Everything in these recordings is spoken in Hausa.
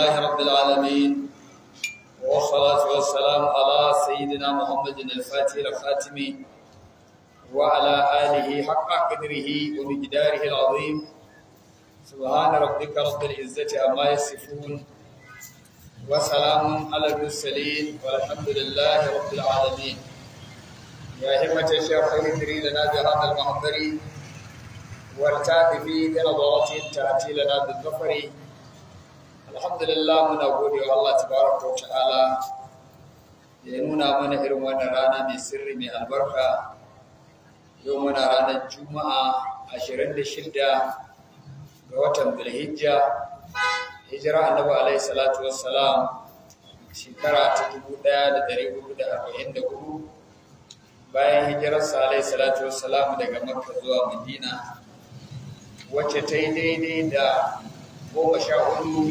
لله رب العالمين والصلاة والسلام على سيدنا محمد الفاتح الخاتم وعلى آله حق قدره ومقداره العظيم سبحان ربك رب العزة عما يصفون وسلام على المرسلين والحمد لله رب العالمين يا همة الشيخ اهدري لنا بهذا المحضر وارتاد في بنظرة تأتي لنا بالظفر alhamdulillah muna gode wa Allah tabaraka wa ta'ala da ya nuna mana irin wannan rana mai sirri mai albarka yau muna ranar juma'a 26 ga watan zulhijja hijira annabi alaihi salatu wassalam shekara ta 1444 bayan hijirarsa alaihi salatu wassalam daga makka zuwa madina wacce ta yi daidai da goma sha hudu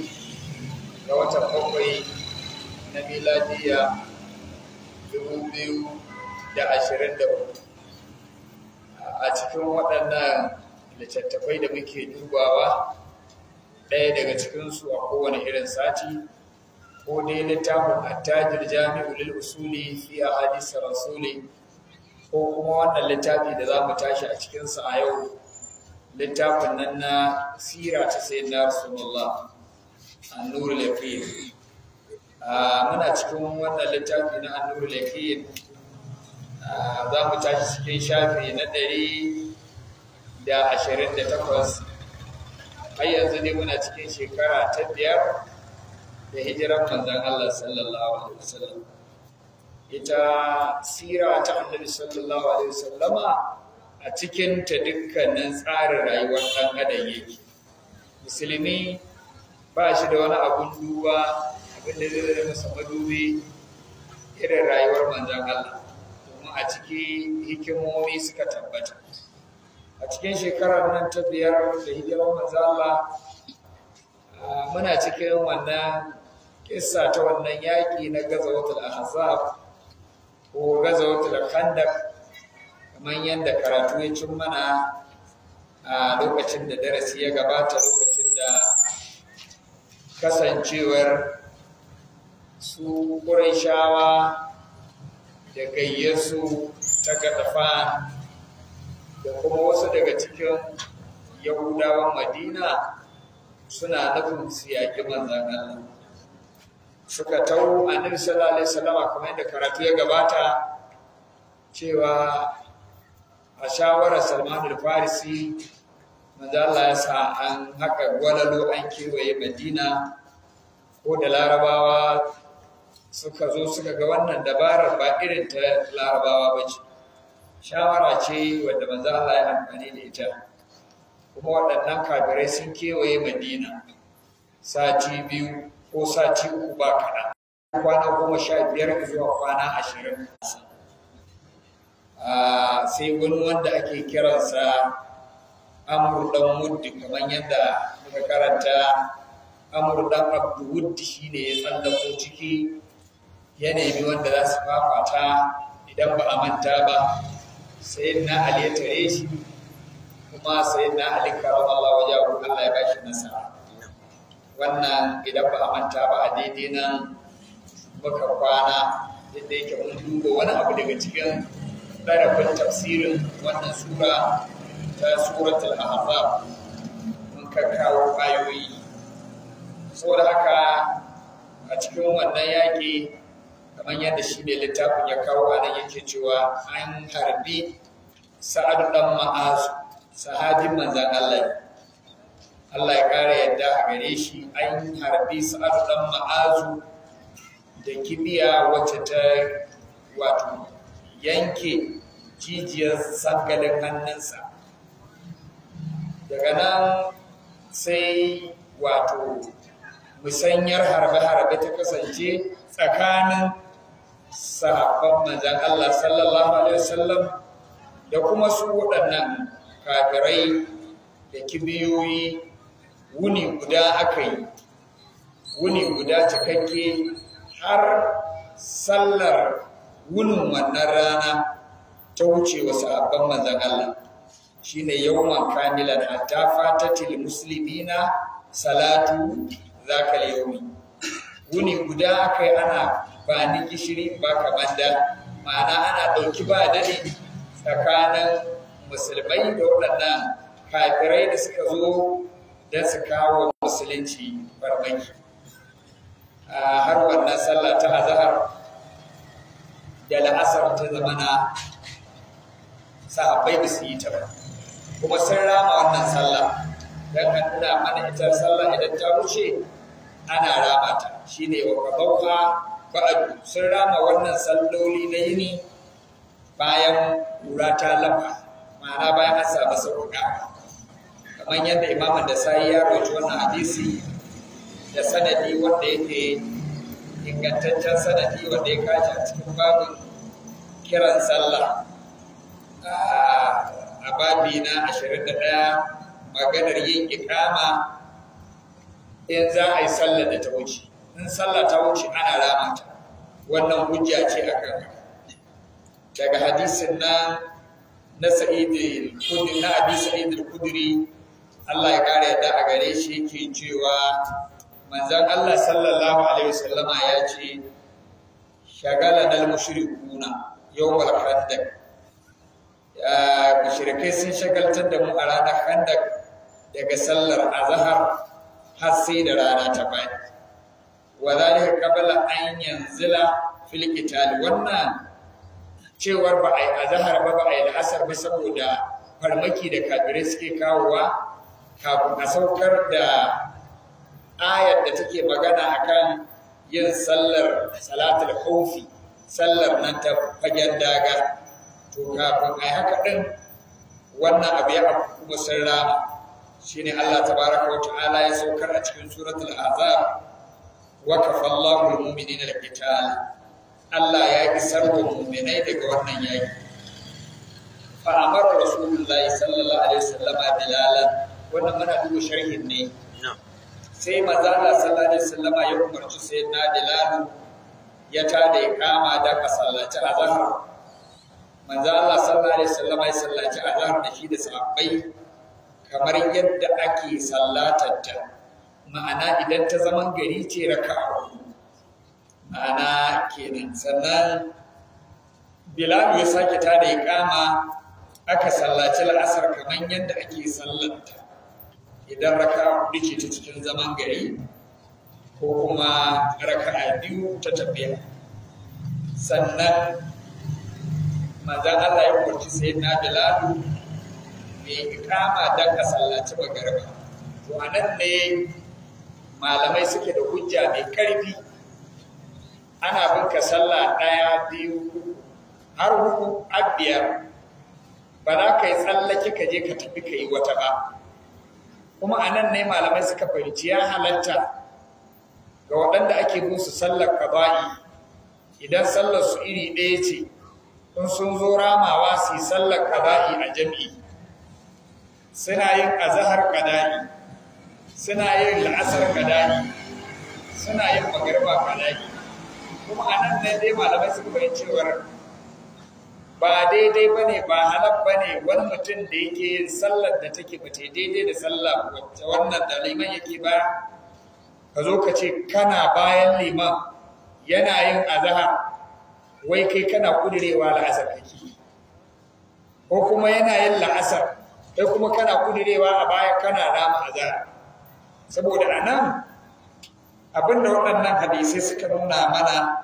ga watan bakwai na miladiya dubu biyu da ashirin da uku a cikin waɗannan littattafai da muke dubawa ɗaya daga cikinsu a kowane irin sati ko dai littafin attajir jami'u lil usuli fi hadisa rasuli ko kuma wannan littafi da za mu tashi a cikinsu a yau littafin nan na sira ta na rasulullah annur laqib ah, muna cikin wannan littafi na annur laqib ah, za mu tashi cikin shafi na ɗari da ashirin da takwas har yanzu ne muna cikin shekara ta biyar da hijiran manzan Allah sallallahu alaihi wasallam ita sira ta annabi sallallahu alaihi wasallama a cikin ta dukkanin tsarin rayuwar ɗan adam yake musulmi ba shi da wani abun duba abin da zai zama masa madubi irin rayuwar manzan Allah domin a ciki hikimomi suka tabbata a cikin shekarar nan ta biyar da hijirar manzan Allah muna cikin wannan kissa ta wannan yaƙi na wata al'azab ko wata khandaq kamar yadda karatu ya cin mana a lokacin da darasi ya gabata lokacin kasancewar su shawa da gayyarsu ta gadafa da kuma wasu daga cikin yahudawan madina suna nufin siyaƙi manzan Allah suka tau a sallallahu alaihi salama kamar yadda karatu ya gabata cewa a shawarar Salman al-Farisi Allah ya sa an haka gwalalo an kewaye madina ko da larabawa suka zo suka ga wannan dabarar ba irin ta larabawa ba ce shawara ce wadda manzo Allah ya amfani da ita kuma waɗannan kafirai sun kewaye madina sati biyu ko sati uku ba kaɗan kwana goma sha biyar zuwa kwana ashirin ah, sai wani wanda ake kiransa Amurdan dan wuddi kamar yadda muka karanta amur dan abdu wuddi shine ya ko ciki ya nemi wanda za su fafata idan ba a manta ba sai na ali ya tare shi kuma sai na ali karam Allah waje Allah ya bashi nasara wannan idan ba a manta ba a daidai nan muka kwana yadda yake mun duba wani abu daga cikin ɗarafin tafsirin wannan sura ta suratul ahzab mun kawo ayoyi saboda haka a cikin wannan yaki kamar yadda shi ne littafin ya kawo a nan yake cewa an harbi sa'adu dan ma'azu sahabin manzan Allah Allah ya ƙara yadda a gare shi an harbi sa'adu dan ma'azu da kibiya wacce ta wato yanke jijiyar sangalin hannunsa daga nan sai wato musanyar harbe-harbe ta kasance tsakanin sahabban manzan Allah sallallahu alaihi wasallam da kuma su waɗannan kafirai da kibiyoyi wuni guda aka yi wuni guda cikakke har sallar wunin wannan rana ta wuce wa sahabban manzan Allah shine yawman kamilan hatta fatatil muslimina salatu zakal yawmi wuni guda kai ana ba ni gishiri ba da ma'ana ana ɗauki ba daɗi tsakanin musulmai da waɗannan kafirai da suka zo don su kawo musulunci A har wannan sallah ta azahar da la'asar ta zamana sahabbai ba su yi ta ba kuma sun rama wannan sallah don an nuna mana ita sallah idan ta wuce ana rama ta ne wa kabauka ba'adu sun rama wannan salloli na yini bayan kura ta lafa ma'ana bayan an samu sauƙa kamar yadda imamun da sai ya roci wannan hadisi da sanadi wanda yake ingantaccen sanadi wanda ya kaji a cikin babin kiran sallah ah, a babi na 21 maganar yin ikama in za a yi sallar da ta wuce in sallar ta wuce ana rama ta wannan hujja ce a kan daga hadisin nan na sa'idul kudri na abi Allah ya kare yadda a gare shi yake cewa manzon Allah sallallahu alaihi wasallama ya ce shagala dal mushrikuna yawmal khandaq gushirikai ah, sun shagaltar da mu a ranar handak daga sallar azahar har sai da rana ta bayi wa zalika qabla an yanzila wannan cewar ba yi azahar ba ba yi la'asar ba saboda farmaki da kafirai suke kawowa kafin a saukar da ayar da take magana akan yin sallar salatul kofi sallar nan ta fagen daga to kafin a haka ɗin wannan abu ya abu kuma sun rana shi ne Allah tabaraka wa ta'ala ya saukar a cikin suratul azab wa kafallahu al-mu'minina al Allah ya isar da mu'minai daga wannan yaki fa amara rasulullahi sallallahu alaihi wasallama wannan muna duba sharhin ne sai maza Allah sallallahu alaihi wasallama ya umarci sayyidina ya tada ya kama da kasallaci azhar manzo Allah sallallahu alaihi wasallam ya sallaci azhar da shi da sahabbai kamar yadda ake sallatar ta ma'ana idan ta zaman gari ce raka, ma'ana kenan sannan Bilal ya sake ta da iqama aka sallaci la'asar kamar yadda ake sallanta idan raka hudu ce ta cikin zaman gari ko kuma raka'a biyu ta tafiya sannan manzan Allah ya kurci sai na bilalu mai ikama don ka sallaci magarba to a nan ne malamai suke da hujja mai karfi ana bin ka sallah ɗaya biyu har hudu abiyar ba za ka yi tsallake ka je ka tafi ka yi wata ba kuma a nan ne malamai suka fahimci ya halatta ga waɗanda ake musu sallar ka kaba'i idan sallar su iri ɗaya ce in sun zo ramawa su yi sallar kadai a jam'i suna yin azahar kadai. suna yin la'asar kadai. suna yin magarba kadai. kuma a nan ne dai malamai su bai cewar ba daidai ba ne ba halab ba ne wani mutum da yake yin sallar da take ba daidai da sallar wacce wannan da liman yake ba ka zo ka ce kana bayan liman yana yin azahar wai kai kana kudirewa la'asar kake ko kuma yana yin la'asar kai kuma kana kudirewa a baya kana rama azhar saboda anan abinda waɗannan hadisai suka nuna mana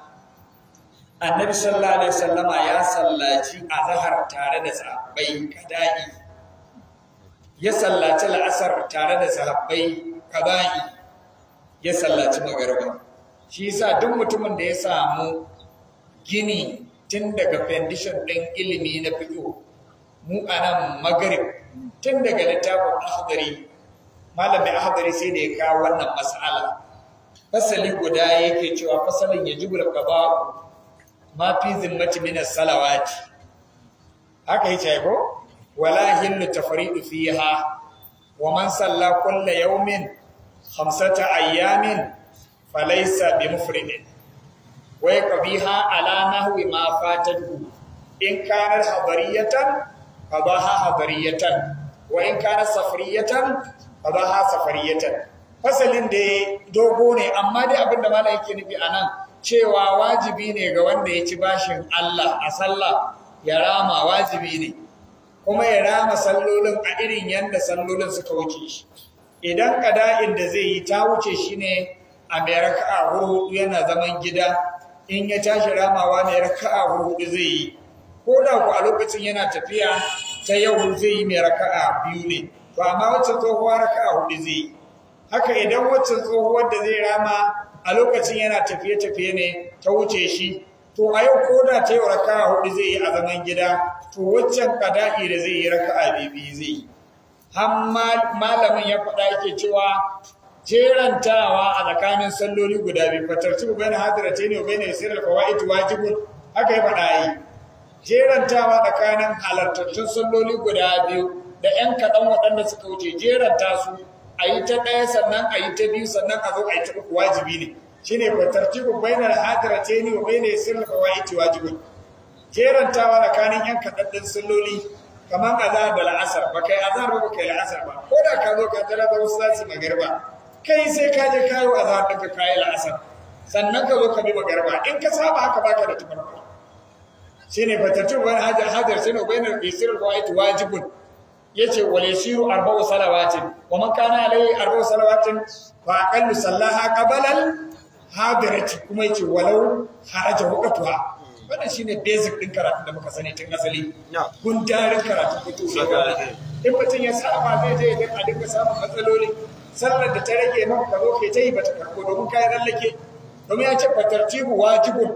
annabi sallallahu alaihi wasallama ya sallaci azhar tare da sahabbai kada'i ya sallaci la'asar tare da sahabbai kada'i ya sallaci magariba shi yasa duk mutumin da ya samu gini tun daga foundation ɗin ilimi na fito mu a nan magarib tun daga littafin ahadari malamin ahadari sai da ya kawo wannan mas'ala fasali guda yake cewa fasalin ya jibula gaba ma fi zimmati min salawati haka yace walahin wala hillu tafridu fiha wa man salla kulla yawmin khamsata ayamin falaysa bi mufridin wai qabiha ala nahwi ma fatatuhu in kanar habariyatan qabaha habariyatan wa in kana safariyatan qabaha safariyatan fasalin da dogo ne amma dai abin da malai yake nufi anan cewa wajibi ne ga wanda ya ci bashin Allah a sallah ya rama wajibi ne kuma ya rama sallolin a irin yadda sallolin suka wuce shi idan kada'in da zai yi ta wuce shi ne a mai raka'a hudu yana zaman gida in ya tashi ramawa ne raka'a hudu zai yi ko da ku a lokacin yana tafiya ta yau zai yi mai raka'a biyu ne to amma wacce tsohuwa raka'a hudu zai yi haka idan wacce tsohuwar da zai rama a lokacin yana tafiye-tafiye ne ta wuce shi to a yau ko da ta yau raka'a hudu zai yi a zaman gida to waccan kada'i da zai yi raka'a biyu zai yi har malamin ya faɗa yake cewa jerantawa a tsakanin salloli guda biyu fatartibu bayna hadratayn wa bayna yasir al-fawaid wajibun haka ya faɗa yi jerantawa tsakanin halartattun salloli guda biyu da ‘yan kaɗan waɗanda suka wuce jeranta su a yi ta ɗaya sannan a yi ta biyu sannan a zo a yi ta uku wajibi ne shi ne fatartibu bainar hadira ce ne wa bainar yasir da kawai ita wajibi jerantawa tsakanin ‘yan kaɗan ɗin salloli kamar azahar da la'asar ba kai azar ba kai la'asar ba ko da ka zo ka tara da wasu za su magariba kai sai ka je kayo a zaɓin ka kayi la'asar sannan ka zo ka bi magarba in ka saba haka baka da tufarfa shi ne fatattun wani hajar hajar shi ne bayanar bisir wa'id wajibun ya ce wale shiru arba'u salawatin wa man kana alai arba'u salawatin fa aqallu sallaha qabalal hadirati kuma yace walau haraja waqtuha wannan shine basic din karatu da muka sani tun asali gundarin karatu ko to in mutun ya saba zai je ya dinga samun matsaloli sallar da ta rage min ka zo ke ta yi bata karko domin kayan lallake. domin ya ce fatartibu wajibun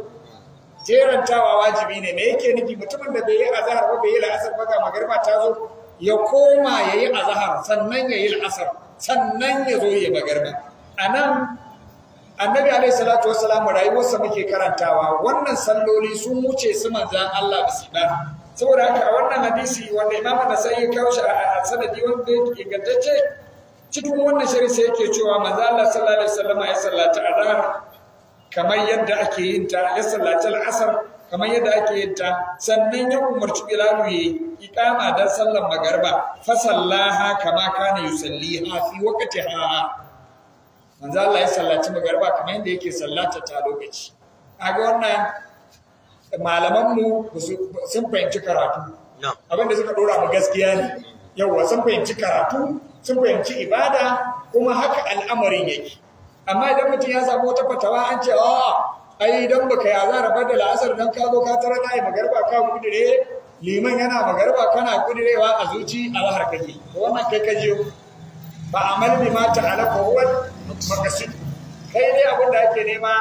jerantawa wajibi ne me yake nufi mutumin da bai yi azahar ba bai yi la'asar ba ga magarba ta zo ya koma ya yi azahar sannan ya yi la'asar sannan ya zo ya magarba a nan annabi alaihi salatu wassalam rayuwarsa muke karantawa wannan salloli sun wuce su manzan Allah basu ba saboda haka a wannan hadisi wanda imamu nasai ya kawo shi a sanadi wanda ya ingantacce cikin wannan shari'a sai yake cewa manzo Allah sallallahu alaihi wasallam ya sallata azhar kamar yadda ake yin ta ya sallata al'asr kamar yadda ake yin ta sannan ya umarci Bilal ya iqama da sallar magarba fa sallaha kama kana yusalliha fi waqtiha manzo Allah ya sallaci magarba kamar yadda yake sallata ta lokaci kaga wannan malaman mu sun fahimci karatu abinda suka dora mu gaskiya ne yawa sun fahimci karatu sun fahimci ibada kuma haka al'amarin yake amma idan mutum ya samu wata fatawa an ce a ai idan baka ya zara da la'asar dan ka zo ka tara yi magarba ka kudire liman yana magarba kana kudirewa a zuci a lahar kake wannan kai ka jiyo ba amal bi ma ta ko huwa maqsid kai dai abin da ake nema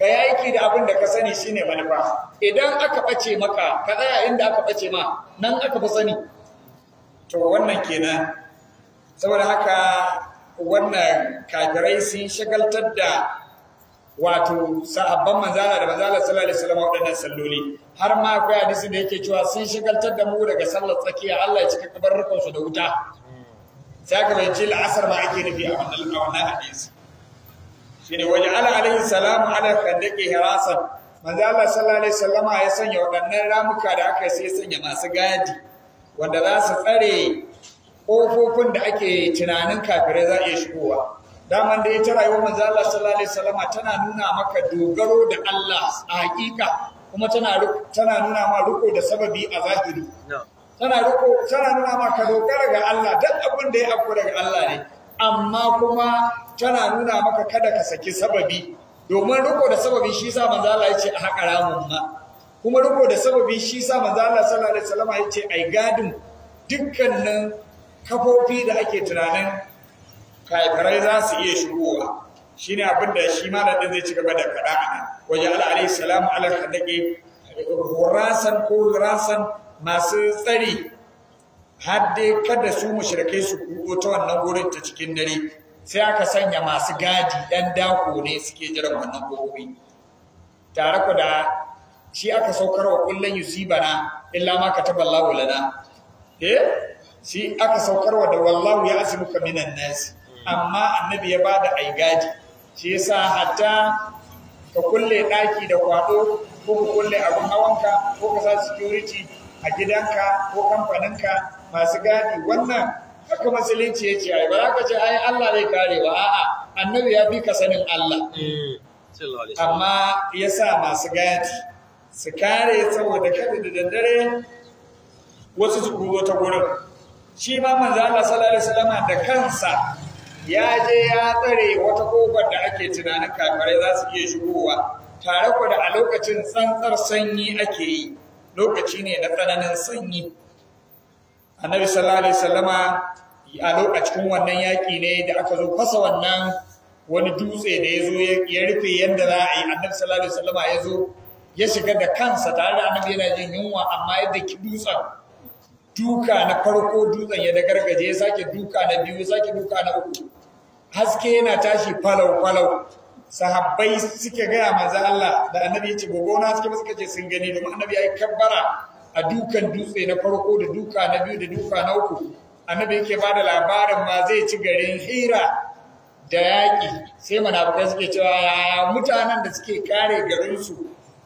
ka yi aiki da abin da ka sani shine manufa idan aka bace maka ka tsaya inda aka bace ma nan aka fi sani to wannan kenan saboda haka wannan kafirai sun shagaltar da wato sahabban manzala da manzala sallallahu alaihi wasallam waɗannan salloli har ma akwai hadisi da yake cewa sun shagaltar da mu daga sallar tsakiya Allah ya cika kabarrukan su da wuta sai ka bai ce la'asar ma ake nufi a wannan a wannan hadisi shine waje ala alaihi salam ala kandake hirasan manzala sallallahu alaihi wasallam ya sanya waɗannan ramuka da aka sai sanya masu gadi wanda za su tsare ƙofofin da ake tunanin kafirai za a iya shigowa daman da yi wa manzo Allah sallallahu alaihi wasallama tana nuna maka dogaro da Allah a hakika kuma tana tana nuna ma riko da sababi a zahiri tana riko tana nuna ma ka dogara ga Allah duk abin da ya afku daga Allah ne amma kuma tana nuna maka kada ka saki sababi domin riko da sababi shi sa manzo Allah ya ce a haƙa ramun ma kuma riko da sababi shi sa manzo Allah sallallahu alaihi wasallam ya ce ai gadin dukkanin kafofi da ake tunanin kafirai za su iya shigowa shine abin da shi malamin zai ci gaba da faɗa a nan waje Allah alaihi salam ala Hadake, hurasan ko hurasan masu tsari har kada su mushrikai su kuɗo ta wannan gurin ta cikin dare sai aka sanya masu gadi ɗan dako ne suke jiran wannan gobe tare ku da shi aka saukar wa kullun yusibana illa ma Allahu lana eh shi aka saukar wa da wallahu ya asibuka minan nas amma annabi ya bada aigaji shi yasa hatta ka kulle daki da kwado ko ka kulle abin hawanka ko ka sa security a gidanka ko kamfaninka masu gadi wannan haka musulunci ya ce ai ba za ka ce ai Allah zai kare ba a'a annabi ya fi ka sanin Allah mm. amma yasa masu gadi su kare saboda kada da daddare wasu su kugo ta gurin shi ma manzo Allah sallallahu alaihi da kansa ya je ya tsare wata kofar da ake tunanin kafirai za su iya shigowa tare ku da a lokacin tsantsar sanyi ake yi lokaci ne na tsananin sanyi annabi sallallahu alaihi wasallama a lokacin wannan yaki ne da aka zo fasa wannan wani dutse da ya zo ya rufe yadda za a yi annabi sallallahu alaihi wasallama ya zo ya shiga da kansa tare da annabi yana jin yunwa amma yadda ki dutsen duka na farko dutsen ya da gargaje ya sake duka na biyu sake duka na uku haske yana tashi falau falau sahabbai suke gaya manzan Allah da annabi ya ce gogo na suke suka ce sun gani domin annabi ya yi kabbara a dukan dutse na farko da duka na biyu da duka na uku annabi yake ba da labarin ma zai ci garin hira da yaƙi sai manafukai suke cewa yaya mutanen da suke kare garinsu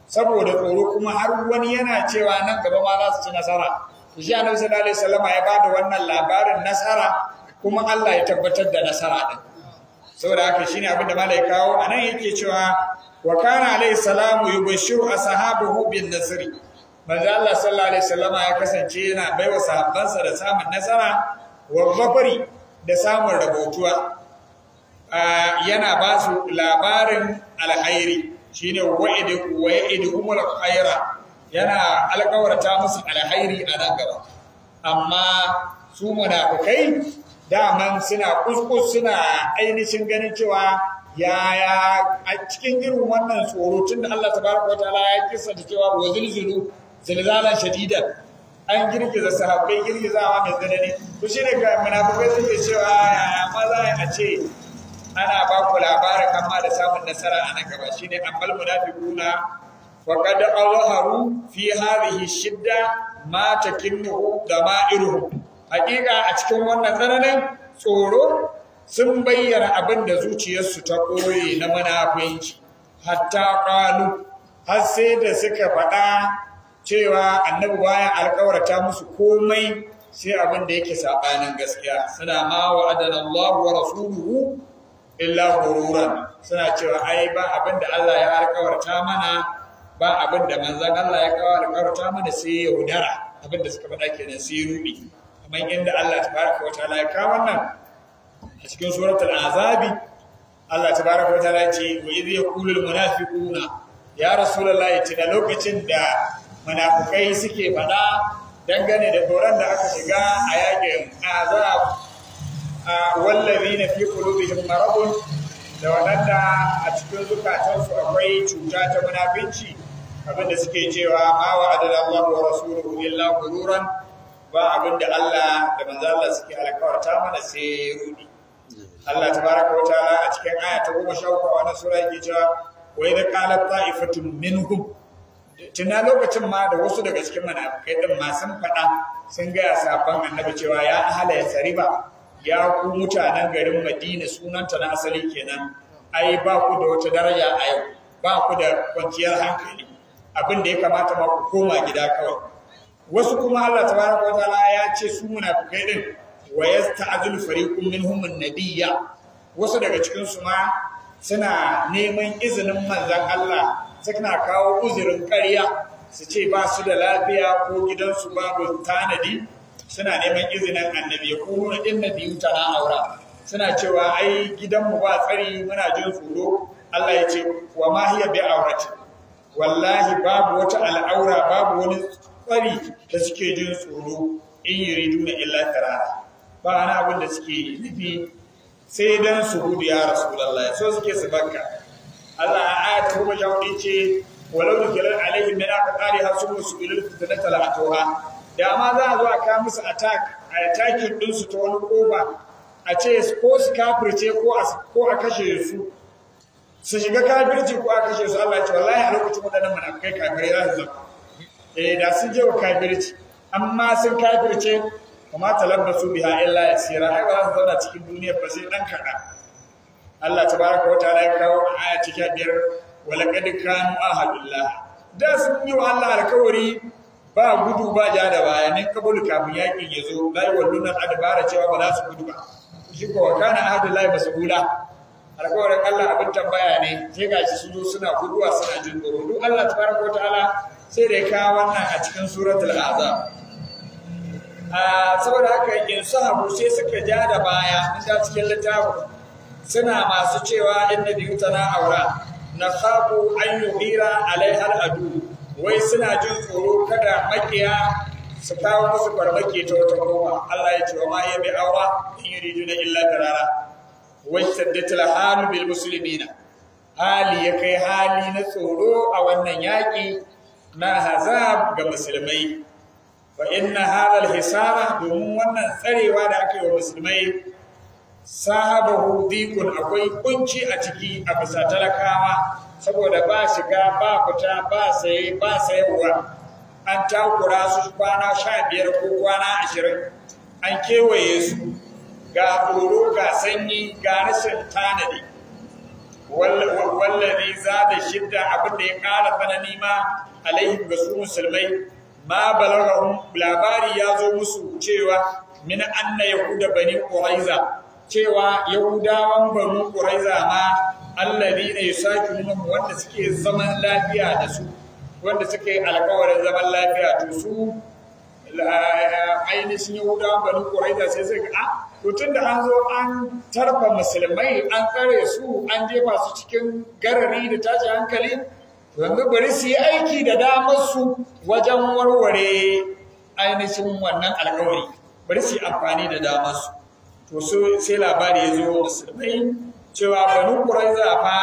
saboda tsoro kuma har wani yana cewa nan gaba ma za su ci nasara to shi annabi sallallahu alaihi wasallam ya bada wannan labarin nasara kuma Allah ya tabbatar da nasara din saboda haka shine abin da malai kawo anan yake cewa wa kana alaihi salam yubashiru ashabahu bin nasri manzo Allah sallallahu alaihi wasallam ya kasance yana baiwa sahabbansa da samun nasara wa zafari da samun rabotuwa yana ba su labarin alhairi shine wa'idu Umar khaira yana alƙawarta musu alkhairi a nan gaba amma su munafikai daman suna kuskus suna ainihin ganin cewa yaya a cikin irin wannan tsoro tun da Allah tabaraka wataala ya kissa da cewa wa zilzilu zilzalan shadidan an girgiza sahabbai girgizawa mai tsanani shi shine ga munafikai suke cewa yaya ma za a ce ana ba ku labarin amma da samun nasara a nan gaba shine amal munafiquna faqad awharu fi hadhihi shidda ma takinnu dama'iruhum hakika a cikin wannan tsananin tsoro sun bayyana abin da zuciyarsu ta koye na munafunci hatta qalu har sai da suka faɗa cewa annabi baya alƙawarta musu komai sai abin da yake saɓanin gaskiya suna ma wa'adana Allah wa rasuluhu illa hururan suna cewa ai ba abin da Allah ya alkawarta mana ba abin da manzon Allah ya alkawarta mana sai ya abin da suka faɗa kenan sai ya rubi kamar inda Allah tabaraka ta'ala ya kawo wannan a cikin suratul azabi Allah tabaraka wa ta'ala ce wa idh al munafiquna ya rasulullahi da lokacin da munafikai suke faɗa dangane da boran da aka shiga a yakin azab wallazina fi qulubihim maradun da wadanda a cikin zukatansu akwai cuta ta Abin abinda suke cewa ma wa'adana Allah wa rasuluhu illa ghururan ba abinda Allah da manzo Allah suke alƙawarta mana sai rudi Allah tabaraka wa ta'ala a cikin aya ta 13 wannan sura yake cewa wa idha qalat ta'ifatun minhum tuna lokacin ma da wasu daga cikin manafikai din ma sun faɗa sun ga sabon annabi cewa ya ahala ya sariba ya ku mutanen garin madina sunanta na asali kenan ai ba ku da wata daraja a yau ba ku da kwanciyar hankali abin da ya kamata ma ku koma gida kawai wasu kuma Allah ta tabaraka wataala ya ce su kai din wa yasta'dhilu fariqun minhum an-nabiyya wasu daga cikin su ma suna neman izinin manzan Allah suna kawo uzurin ƙarya su ce ba su da lafiya ko gidansu babu tanadi suna neman izinin annabi ya kuma biyu ta na aura suna cewa ai gidanmu ba tsari muna jin tsoro Allah ya ce wa ma hiya bi aurati wallahi babu wata al'aura babu wani tsari da suke jin tsoro in yuriduna illa tarara ba ana abin da suke nufi sai dan su hudu ya rasulullahi so suke su bakka Allah a ayatu kuma jawdi ce walau aka alaihim har su musu ilil fitnata la'atuha da ma za a zo a kawo musu attack a attacking ɗinsu ta wani ƙofa a ce ko su kafirce ko a kashe su su shiga kafirci ko a kashe su Allah ya ce wallahi a lokacin waɗannan munafikai kafirai za su zama eh da sun je wa kafirci amma sun kafirce kuma talabbasu biha illa yasira ai ba za su zauna cikin duniyar ba sai dan kaɗan Allah tabaraka wa ta'ala ya kawo aya cikin biyar walaqad kanu ahadullah da sun yi wa Allah alkawari ba gudu ba ja da baya ne kabul kafin yakin ya zo lai wallunan adabara cewa ba za su gudu ba shi ko kana ahadu lai masbula alƙawarin Allah abin tambaya ne sai ga shi su suna guduwa suna jin tsoro duk Allah tabaraka ta'ala sai da ya wannan a cikin suratul azab a saboda haka in sahabu sai suka ja da baya inda cikin littafi suna masu cewa inna biyutana aura na khafu an yuhira alaiha al'adu wai suna jin tsoro kada makiya su kawo musu farmaki ta wata goma Allah ya ce wa ma ya bi awa in na illa darara wai saddatul halu bil musulmina hali ya kai hali na tsoro a wannan yaƙi na hazab ga musulmai fa inna hadha al hisara domin wannan tsarewa da aka yi wa musulmai sahabahu hudikun akwai kunci a ciki a bisa talakawa saboda ba shiga ba fita ba sai ba sayarwa an takura su kwana sha biyar ko kwana ashirin an kewaye su ga tsoro ga sanyi ga rashin tanadi wallazi za da shidda abin da ya ƙara tsanani ma alaihim ga su musulmai ma balagahum labari ya zo musu cewa min anna yahuda bani quraiza cewa yahudawan banu ƙuraiza ma allabi ne sake nuna wanda suke zaman lafiya da su wanda suke alkawarin zaman lafiya to su eh, ainihin yahudawan banu ƙuraiza sai sai ga ah, to tun da an zo an tarfa musulmai an tsare su an jefa su cikin garari da tashi hankali yanzu bari su yi aiki da damar su wajen warware ainihin wannan alkawari bari su yi amfani da damar su wasu sai labari ya zo musulmai cewa banu ƙuraiza zafa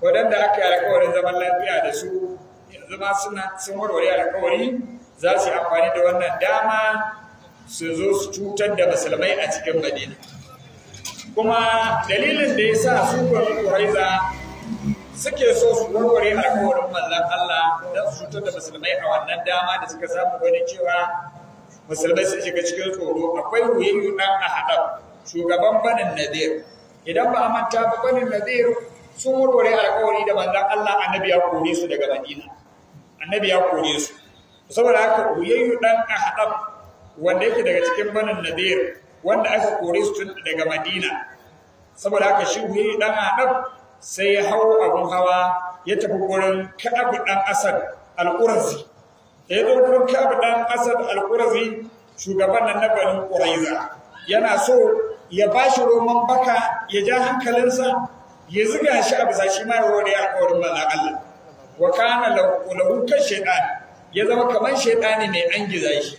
waɗanda aka yi alkawarin zaman lafiya da su yanzu ma suna sun warware alkawari za su yi amfani da wannan dama su zo su cutar da musulmai a cikin madina kuma dalilin da ya sa su banu ƙuraiza suke so su warware alkawarin mallan Allah don su cutar da musulmai a wannan dama da suka samu wani cewa musulmai su shiga cikin tsoro akwai wuyi yunan a haɗar shugaban banin nadir idan ba a manta ba banin nadir sun warware alkawari da manzan Allah annabi ya kore su daga Madina annabi ya kore su saboda haka uyayyu dan ahdab wanda yake daga cikin banin nadir wanda aka kore su daga Madina saboda haka shi uyayyu dan ahdab sai ya hau abun hawa ya tafi gurin Ka'ab dan Asad al-Qurazi ya gurin Ka'ab dan Asad al shugaban nan na banin Quraiza yana so ya ba shi roman baka ya ja hankalinsa ya ziga shi a bisa shi mai ya wani kawarin manzan Allah wa kana lahu kan shaitan ya zama kamar shaitani mai an giza shi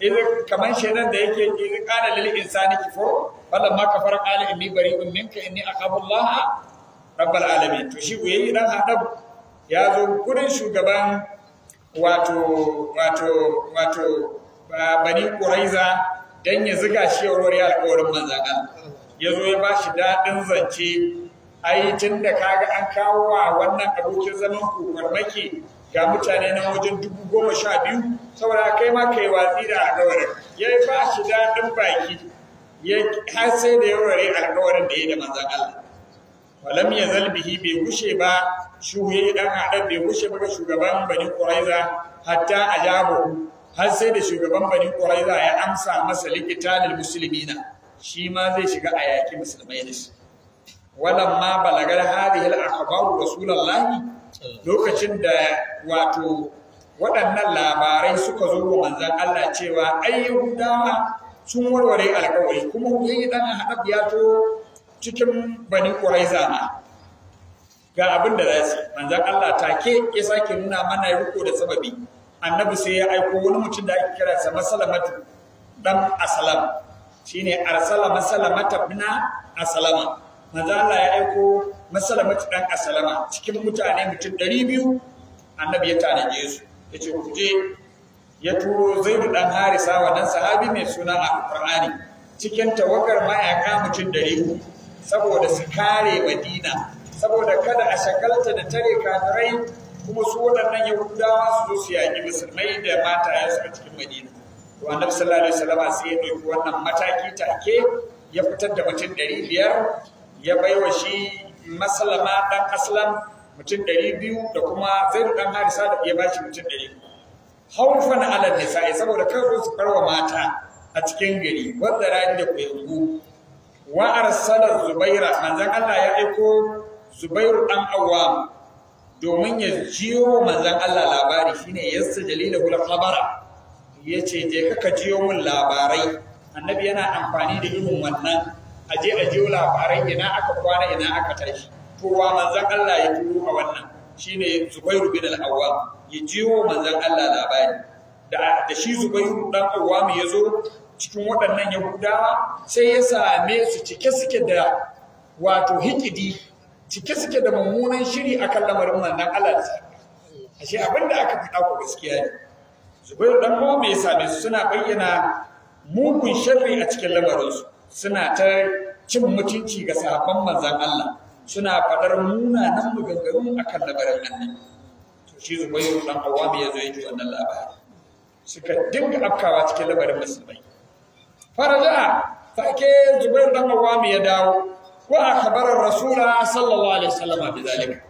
ila kamar shaitan da yake ila kana lil insani kifo wala ma kafar qala inni bari'un minka inni akhafu Allah rabbal alamin to shi yayi dan hadab ya zo gurin shugaban wato wato wato bani quraiza don ya ziga shi yawar wuri alkawarin manzan Allah ya zo ya ba shi daɗin zance ai tun da kaga an kawo wa wannan abokin zaman ku farmaki ga mutane na wajen dubu goma sha biyu saboda kai ma kai watsi da alkawarin ya yi ba shi daɗin baki har sai da ya wuri alkawarin da ya da manzan Allah walam ya zalbihi bai gushe ba shuhe dan haɗar bai gushe ba shugaban bani ƙuraiza hatta a jabo har sai da shugaban bani ƙuraiza ya amsa masa musulmi na shi ma zai shiga a yaƙi musulmai da shi ma balagar akabaru akhbaru lahi lokacin da wato waɗannan labarai suka zo wa manzan Allah cewa ai Yahudawa sun warware alƙawari kuma yayi dan hadab ya to cikin bani Quraiza ma ga abin da za su manzan Allah take ya sake nuna mana riko da sababi annabi sai ya aiko wani mutum da ake kira sa masalamatu dan asalam shine arsala masalamata bin asalama manzo Allah ya aiko masalamatu dan asalama cikin mutane mutum 200 annabi ya tanaje su yace ku je ya turo Zaid dan Harisa wannan sahabi mai suna Al-Qur'ani cikin tawagar mayaka mutum 100 saboda su kare Madina saboda kada a shakalta da tare rai kuma su waɗannan yahudawa su zo su yaƙi musulmai da mata su a cikin madina to annabi sallallahu alaihi wasallam sai ya ɗauki wannan mataki take ya fitar da mutum ɗari biyar ya baiwa shi masalama ɗan aslam mutum ɗari biyu da kuma zaidu ɗan harisa da ya bashi mutum ɗari haufan alal nisa'i saboda kar su karwa mata a cikin gari wanda rani da kuyangu wa arsala zubaira manzon Allah ya aiko zubairu ɗan awwam domin ya jiyo manzan Allah labari shine jalila hula labara Ya ce je ka jiyo mun labarai annabi yana amfani da irin wannan A je a jiyo labarai ina aka kwana ina aka tashi to manzan Allah ya turo a wannan ne Zubairu bin al ya jiyo manzan Allah labari da shi Zubairu dan Awwam ya zo cikin waɗannan Yahudawa sai ya same su cike suke da wato hikidi cike suke da mummunan shiri akan lamarin manzon Allah da sahabbai ashe abinda aka faɗa ku gaskiya ne Zubairu dan kuma me same su suna bayyana mugun sharri a cikin lamarin su suna ta cin mutunci ga sahabban manzon Allah suna faɗar munanan maganganu akan lamarin annabi to shi zubair dan Awwam ya zo ya wannan labari suka dinga afkawa cikin lamarin musulmai faraja ke Zubairu dan Awwam ya dawo a akhbara rasula sallallahu alaihi wasallam bidalika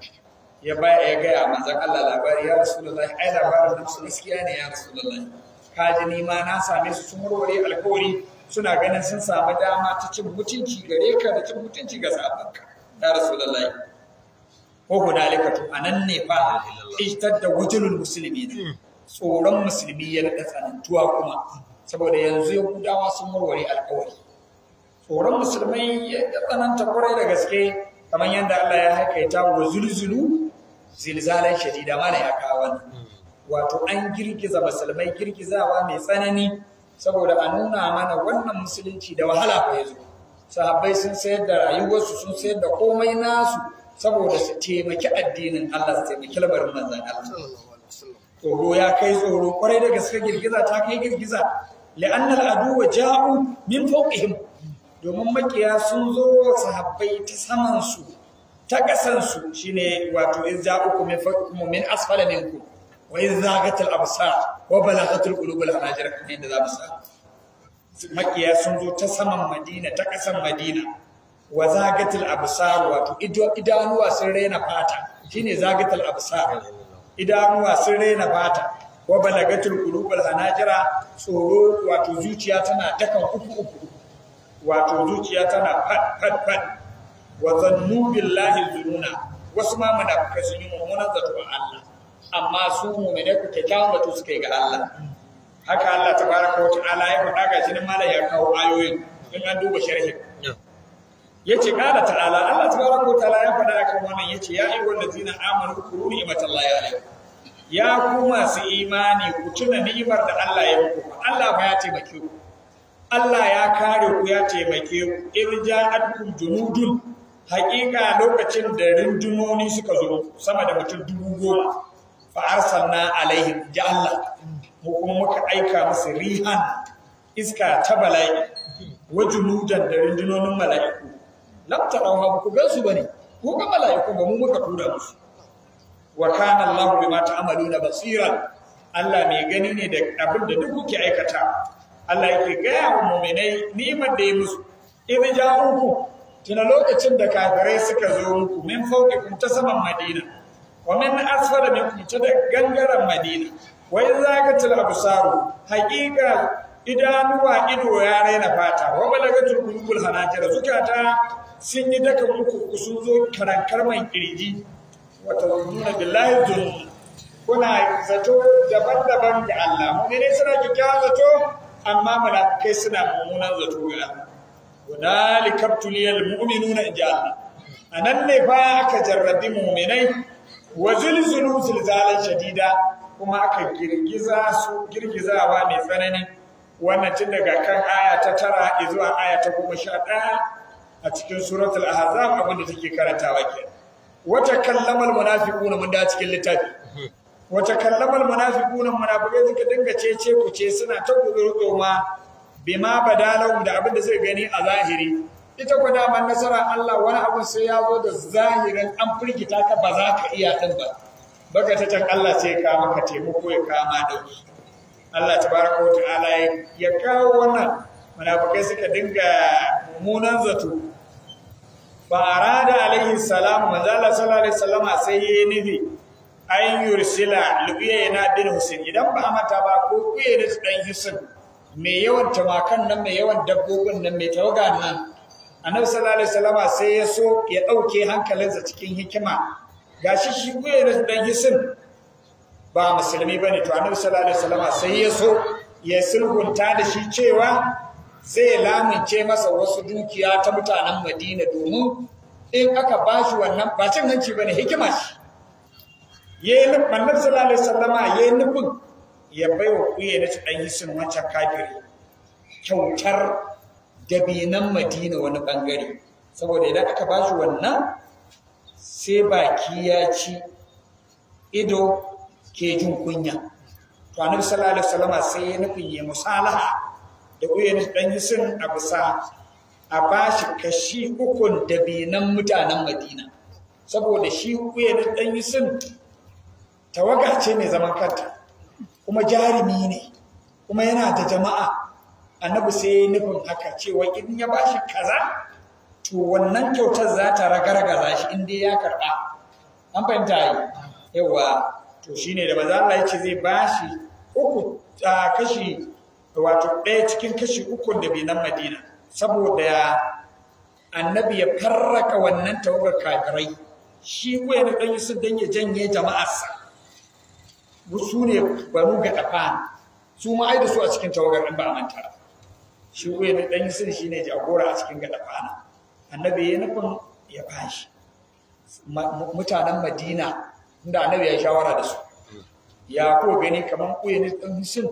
ya ba ya gaya ya Allah labari ya rasulullahi ai labarin nan su gaskiya ne ya rasulullahi kaji ni ma na same su sun warware alkawari suna ganin sun samu dama ta cin mutunci gare ka da cin mutunci ga sahabbanka ya rasulullahi ko hunalika to anan ne fa ijtadda wujulul muslimin tsoron musulmi ya da tsanantuwa kuma saboda yanzu ya gudawa sun warware alkawari tsoron musulmai ya tsananta kwarai da gaske kamar yadda Allah ya haikaita wa zulzulu zilzalan shadida mana ya kawo wato an girgiza musulmai girgizawa mai tsanani saboda a nuna mana wannan musulunci da wahala fa su sahabbai sun sayar da rayuwarsu sun sayar da komai nasu saboda su taimaki addinin Allah su taimaki labarin manzan Allah tsoro ya kai tsoro kwarai da gaske girgiza ta kai girgiza li'annal al'adu wa ja'u min fawqihim domin makiya sun zo sahabbai ta samansu ta ƙasansu ne wato in ku kuma fakum min asfala ku wa in zagatil absar wa balagatil qulub na jira kuma yadda za ku sa makiya sun zo ta saman Madina ta ƙasan Madina wa za zagatil absar wato idanuwa sun raina fata za shine zagatil absar idanuwa sun raina fata wa balagatul qulub na jira tsoro wato zuciya tana dakan uku uku wato zuciya tana fadfad fat fat billahi zununa wasu ma munafikai sun yi mummunan zato Allah amma su mu'mine ku kyakkyawan zato suka yi ga Allah haka Allah ta kawo ta ta'ala ya faɗa ga jinin mala ya kawo ayoyin in an duba sharhi yace ta ta'ala Allah ta kawo ta ta'ala ya faɗa kan wannan Ya ce ya ayyuhal ladzina amanu kuru ni'matallahi alaikum ya ku masu imani ku tuna ni'imar da Allah ya muku Allah ba ya taimake ku Allah ya kare ku ya taimake ku irja adkum junudun haqiqa lokacin da rundunoni suka zo sama da mutum dubu goma fa arsalna alaihim Allah, mu kuma muka aika musu rihan iska ta bala'i wa junudan da rundunonin mala'iku lam tarawha ku gansu bane ko ga mala'iku ba mu muka tura musu wa kana Allah bima ta'maluna basira Allah mai gani ne da abin da duk kuke aikata Allah yake gaya wa mu'minai ni'man da ya musu ja ja'ukum tuna lokacin da kafirai suka zo muku min fawqikum ta saman Madina wa min asfala minkum ta da gangaren Madina wa in zagatul absaru haqiqa idanuwa ido ya raina fata wa balagatul qulubul hanajira zukata sun yi daka muku sun zo karankar man kirji wa tawadduna billahi kuna zato daban-daban ga Allah mu ne suna kikkiawa zato amma kai suna mummunan zato ga Allah wadalika tuliyal mu'minuna inji Allah nan ne fa aka jarrabi mu'minai wa zilzilu zilzalan shadida kuma aka girgiza su girgizawa mai tsanani wannan tun daga kan aya ta tara zuwa aya ta goma sha ɗaya a cikin suratul ahzab abinda take karantawa kenan wata kallamal munafiquna mun da cikin littafi wata kallamal munafiquna munafiqai suka dinga cece ku ce suna ta gurgurdo ma bima badalahu da abin da suka gani a zahiri ita ko daman nasara Allah wani abu sai ya zo da zahirin an firgita ka ba za ka iya tun ba baka ta can Allah sai ka maka taimako ya kama da dauki Allah tabaraka wa ta'ala ya kawo wannan munafiqai suka dinga munan zato ba arada alaihi salam manzo Allah sallallahu alaihi wasallama sai ya nufi an yursila lubiya na bin husin idan ba mata ba ko kuye da dan hisin mai yawan tamakan nan mai yawan dabbobin nan mai tawaga nan annabi sallallahu alaihi wasallama sai ya so ya dauke hankalinsa cikin hikima gashi shi kuye da dan hisin ba musulmi bane to annabi sallallahu alaihi wasallama sai ya so ya sulhunta da shi cewa zai lamince masa wasu dukiya ta mutanen Madina domin in aka bashi wannan ba cin hanci bane hikima shi yayin annabi sallallahu alaihi wasallama yayin nufin ya baiwa kuye na dan yisin wancan kafiri kyautar dabinan Madina wani bangare saboda idan aka shi wannan sai baki ya ci ido ke jin kunya to annabi sallallahu alaihi wasallama sai ya nufin ya musalaha da kuye na dan yisin a bisa a bashi kashi ukun dabinan mutanen Madina saboda shi kuye na dan yisin tawaga ce mai zaman kanta kuma jarumi ne kuma yana da jama'a annabi sai ya nufin haka cewa in ya ba shi kaza to wannan kyautar za ta ragargaza shi in dai ya karɓa an fahimta yi yawa to shi ne da za Allah ya ce zai bashi uku kashi wato ɗaya cikin kashi uku da bi nan Madina saboda annabi ya farraka wannan tawagar kafirai shi kuwa ya dan Yusuf dan ya janye jama'arsa su ne banu ga ɗafa su ma ai da su a cikin tawagar in ba a manta shi uwe na ɗan sun shi ne jagora a cikin ga ɗafa annabi ya nufin ya bashi mutanen madina inda annabi ya shawara da su ya ko gani kamar uwe na ɗan sun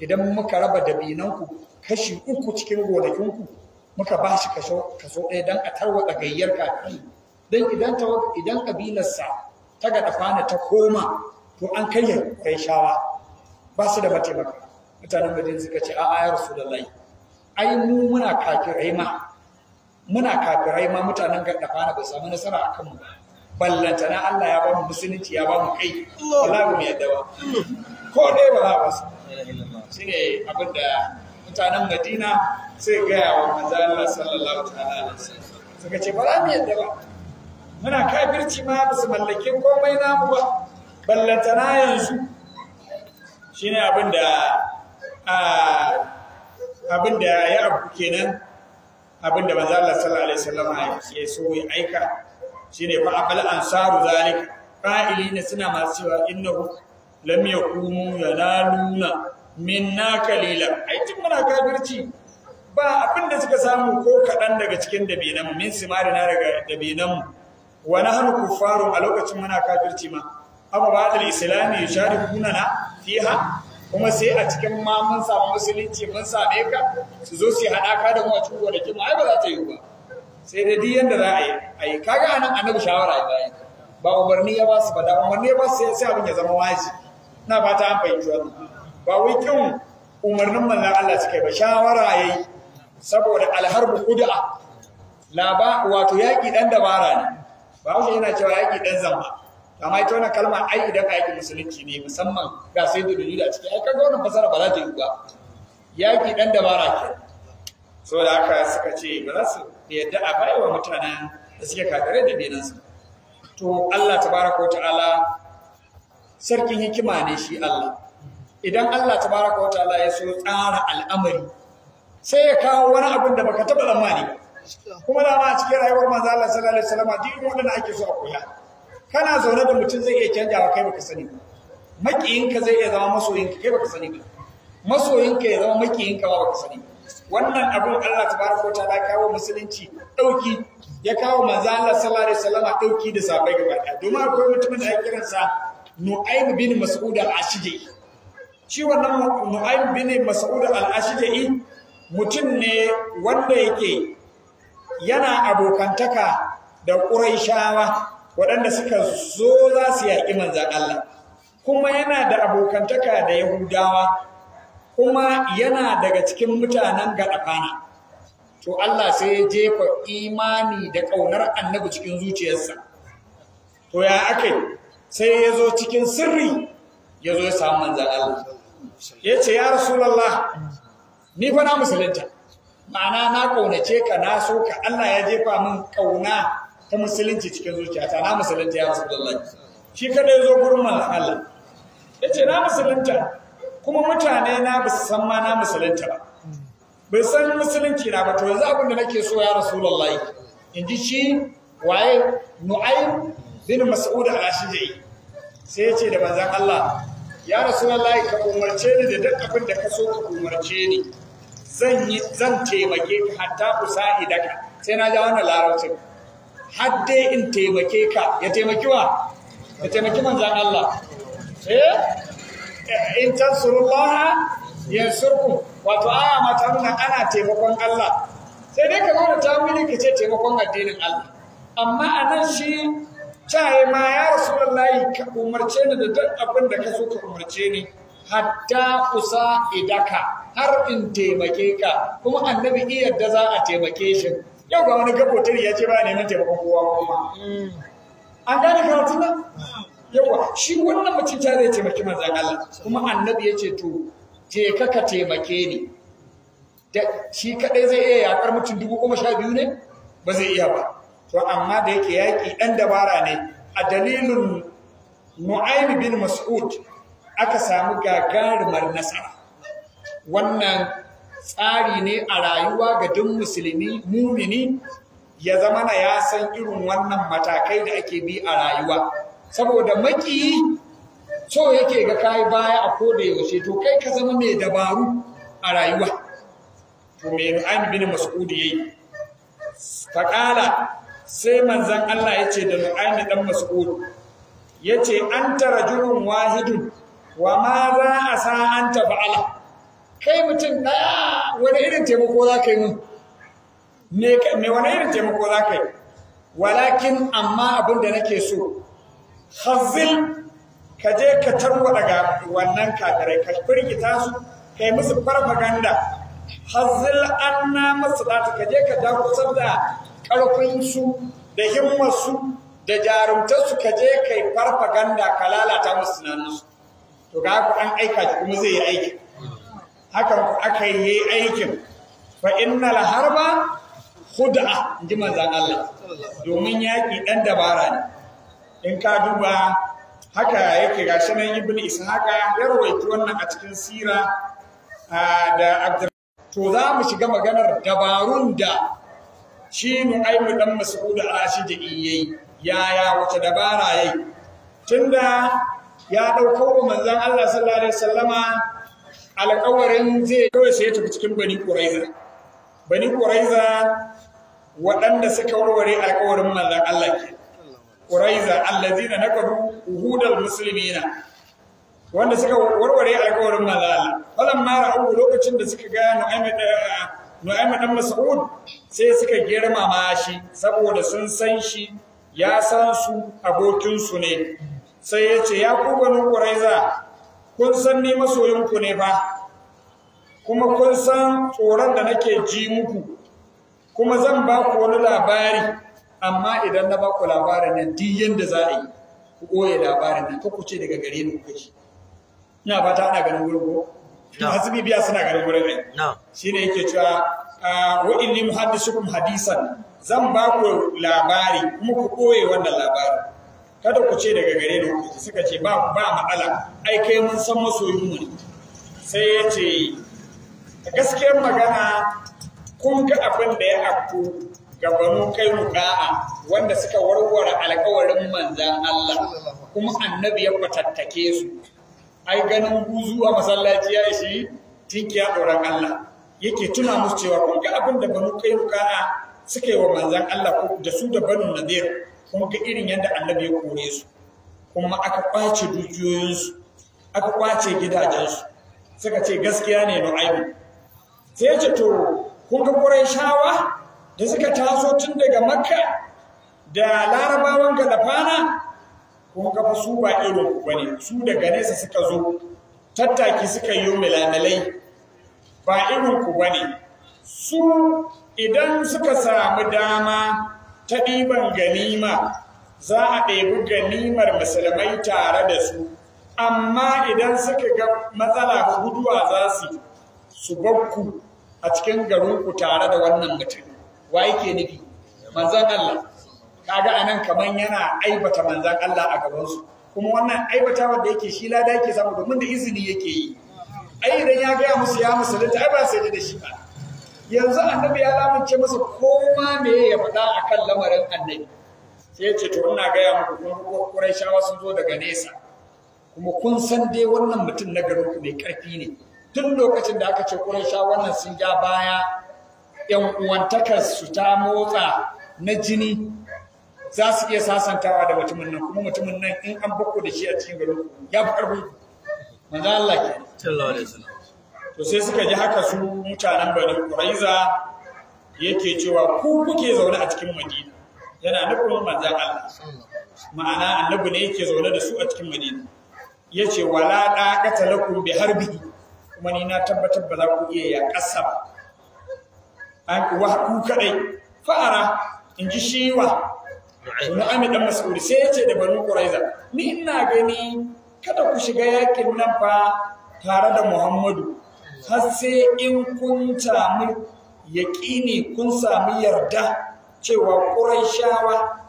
idan muka raba dabinanku kashi uku cikin gonakinku muka ba shi kaso ɗaya don a tarwata gayyar kafin don idan ƙabilarsa ta ga ɗafana ta koma to an kai kai shawa ba su da mataimaka mutanen madina suka ce a'a ya rasulullahi ai mu muna kafirai ma muna kafirai ma mutanen fara ba samu nasara a kanmu ballanta na Allah ya ba mu musulunci ya ba mu kai wallahi mu yadda ba ko dai ba za ba su shine abin da mutanen Madina sai ga ya wa manzo Allah sallallahu ta'ala alaihi wasallam suka ce ba za mu yadda ba muna kafirci ma ba su mallake komai namu ba ballantana yanzu shi abin da abin da ya abu kenan abin da manzo Allah sallallahu alaihi wasallam ya so ya aika shine fa abal ansaru zalika na suna masu cewa 'Inna hu! innahu lam nuna. Min minna kalila aikin mana muna kafirci ba abin da suka samu ko kaɗan daga cikin dabinan min simari na daga dabinan mu hannu kufarun a lokacin muna kafirci ma ba da islami na fiha kuma sai a cikin ma mun samu musulunci mun same ka su zo su haɗaka da mu a cikin gonakin ai ba za ta yi ba sai da di yanda za a yi a kaga anan annabi shawara ya bayi ba umarni ya ba su ba da umarni ya ba su sai abin ya zama waji na fata an fahimci wannan ba wai kin umarnin manzon Allah suka yi ba shawara yayi saboda alharbu qud'a wato yaki dan dabara ne ba yana cewa yaki dan zama. amma ita wannan kalma ai idan aikin musulunci ne musamman ga sai da dalili a ciki ai kaga wannan fasara ba za ta yi ba yaki dan dabara ke so da haka suka ce ba za su yadda a bai wa mutanen da suke kakarai da dinan su to Allah tabaraka wa ta'ala sarkin hikima ne shi Allah idan Allah tabaraka wa ta'ala ya so tsara al'amari sai ya kawo wani abin da baka taba tsammani kuma da ma a cikin rayuwar manzo Allah sallallahu alaihi wasallam duk wanda ake so a koya kana zaune da mutum zai iya wa kai baka sani ba makiyinka zai iya zama masoyinka kai baka sani ba masoyinka ya zama makiyinka ba baka sani ba wannan abin Allah tabaraka ta'ala kawo musulunci dauki ya kawo manzo Allah sallallahu alaihi wasallam dauki da sabai gaba daya domin akwai mutumin da ake kiransa Nu'aym bin Mas'ud al-Ashja'i shi wannan Nu'aym bin Mas'ud al-Ashja'i mutum ne wanda yake yana abokantaka da Qurayshawa waɗanda suka zo za su yaƙi manzan Allah kuma yana da abokantaka da Yahudawa kuma yana daga cikin mutanen gaɗafana to Allah sai ya jefa imani da ƙaunar annabi cikin zuciyarsa to ya aka sai ya zo cikin sirri ya zo ya samu manzan Allah ya ce ya rasulallah ni fa na musulunta ma'ana na ƙaunace ka na so ka Allah ya jefa min ƙauna ta musulunci cikin zuciyata na musulunta ya rasulullahi shi kada ya zo gurin manzon Allah ya ce na musulunta kuma mutane na ba su san ma na musulunta ba bai san musulunci na ba to yanzu abin da nake so ya rasulullahi in ji shi waye nu'aym bin mas'ud al-ashja'i sai ya ce da banzan Allah ya rasulullahi ka umarce ni da duk abin da ka so ka umarce ni zan yi zan taimake ka hatta usaidaka sai na ga wannan larabcin har dai in taimake ka ya taimaki wa ya taimaki manzan Allah Eh in ya surku. wato aya ma ta nuna ana taimakon Allah sai dai kamar ta wuni ka ce taimakon addinin Allah amma a shi caye ma ya rasulullahi ka umarce ni da duk abin da ka so ka umarce ni hatta kusa idaka har in taimake ka kuma annabi iya za a taimake shi yau ga wani gabotar ya ce ba neman taimakon kowa kuma an gane karatu Yau yawa shi wannan mutum ta zai taimaki manzan Allah kuma annabi ya ce to je ka ka taimake ni da shi kadai zai iya yakar mutum dubu goma sha biyu ne ba zai iya ba to amma da yake yaki ɗan dabara ne a dalilin Nu'aym bin Mas'ud aka samu gagarumar nasara wannan tsari ne a rayuwa ga duk musulmi mumini ya zama na ya san irin wannan matakai da ake bi a rayuwa saboda makiyi so yake ga kai baya a ko da yaushe to kai ka zama mai dabaru a rayuwa to me an bin mas'ud yayi faqala sai manzon Allah yace da Nu'aymi dan Mas'ud yace anta rajulun wahidun wa ma za asa anta fa'ala kai mutum ɗaya wani irin taimako za ka yi mun me wani irin taimako za ka yi walakin amma abin da nake so hazil ka je ka tarwa daga wannan kakarai ka firgita su kai yi musu farfaganda hazil an na masu ka je ka ja kusan da ƙarfinsu da himmarsu da jarumtarsu ka je ka yi farfaganda ka lalata musu tunaninsu to ga ku an aika ki kuma zai yi aiki hakan ku aka yi aikin fa innal harba khud'a inji manzon Allah domin yaki dan dabara ne in ka duba haka yake gashi nan ibnu ishaqa ya rawaito wannan a cikin sira da abdur to za mu shiga maganar dabarun da shi nu'aymu dan mas'ud ashiji yayi yaya wace dabara yayi tunda ya dauko manzon Allah sallallahu alaihi wasallama alƙawarin zai kawai sai ya tafi cikin bani ƙuraiza bani ƙuraiza waɗanda suka warware alƙawarin manzan Allah ke ƙuraiza allazina naqadu uhudal na wanda suka warware alƙawarin manzan Allah wannan mara abu lokacin da suka ga Nu'aymi eh, dan Mas'ud sai suka girmama shi saboda sun san shi ya san su abokin su ne sai ya ce ya ku bani ƙuraiza kun san ni masoyinku ne ba kuma kun san tsoron da nake ji muku kuma zan ba ku wani labari amma idan na ba ku labarin nan duk yanda za a yi ku ɓoye labarin nan ku ce daga gare ni ku ji ina fata ana ganin gurin ko masu bibiya suna ganin wurin ne shine yake cewa ah, wa inni muhaddisukum hadisan zan ba ku labari kuma ku ɓoye wannan labarin kada ku ce daga gare da hukunci suka ce ba ba matsala ai kai mun san masoyin mu ne sai ya ce gaskiyar magana kun ga abin da ya afku ga kai kai ka'a wanda suka warware alkawarin manzan Allah kuma annabi ya fatattake su ai ganin guzuwa masallaci ya shi tinkiya tsoron Allah yake tuna musu cewa kun ga abin da banu kai mu suka yi wa manzan Allah da su da banu nadir Kuma ga irin yadda annabi ya kore su kuma aka kwace dukiyoyinsu aka kwace gidajensu suka ce gaskiya ne nu'aibu sai ce to kun ga shawa da suka taso tun daga makka da larabawan galafana kuma kafa su ba irin ne, su daga nesa suka zo tattaki suka yi milamilai. ba irin ku bane su idan suka samu dama ta ɗiban ganima za a ɗebi ganimar musulmai tare da su amma idan suka ga matsala guduwa za su su bakku a cikin garinku tare da wannan mutum wa yake nufi manzan Allah kaga anan kamar yana aibata manzan Allah a gabansu kuma wannan aibata da yake shi lada yake samu domin da izini yake yi A idan ya gaya musu ya musulunta ai ba sai da shi ba yanzu annabi ya lamince masa koma me ya faɗa akan lamarin annabi sai ya ce to ina gaya muku kun Qurayshawa sun zo daga nesa kuma kun san dai wannan mutum na garin ku mai karfi ne tun lokacin da aka ce Qurayshawa wannan sun ja baya yan uwantakar su ta motsa na jini za su iya sasantawa da mutumin nan kuma mutumin nan in an bako da shi a cikin garin ya fi ƙarfi manzo Allah ke sallallahu alaihi wasallam to sai suka ji haka su mutanen bani ƙuraiza yake cewa ku kuke zaune a cikin madina yana nufin manzan Allah ma'ana annabi ne yake zaune da su a cikin madina ya ce wala ɗaƙata lakum bi harbi kuma ni na tabbatar ba za ku iya ya ƙasa ba an wa ku kaɗai fa'ara in ji shi wa Nu'ami dan Mas'ud sai ya ce da Banu Quraiza ni ina gani kada ku shiga yakin nan fa tare da Muhammadu har sai in kun samu yaƙini kun samu yarda cewa ƙurayshawa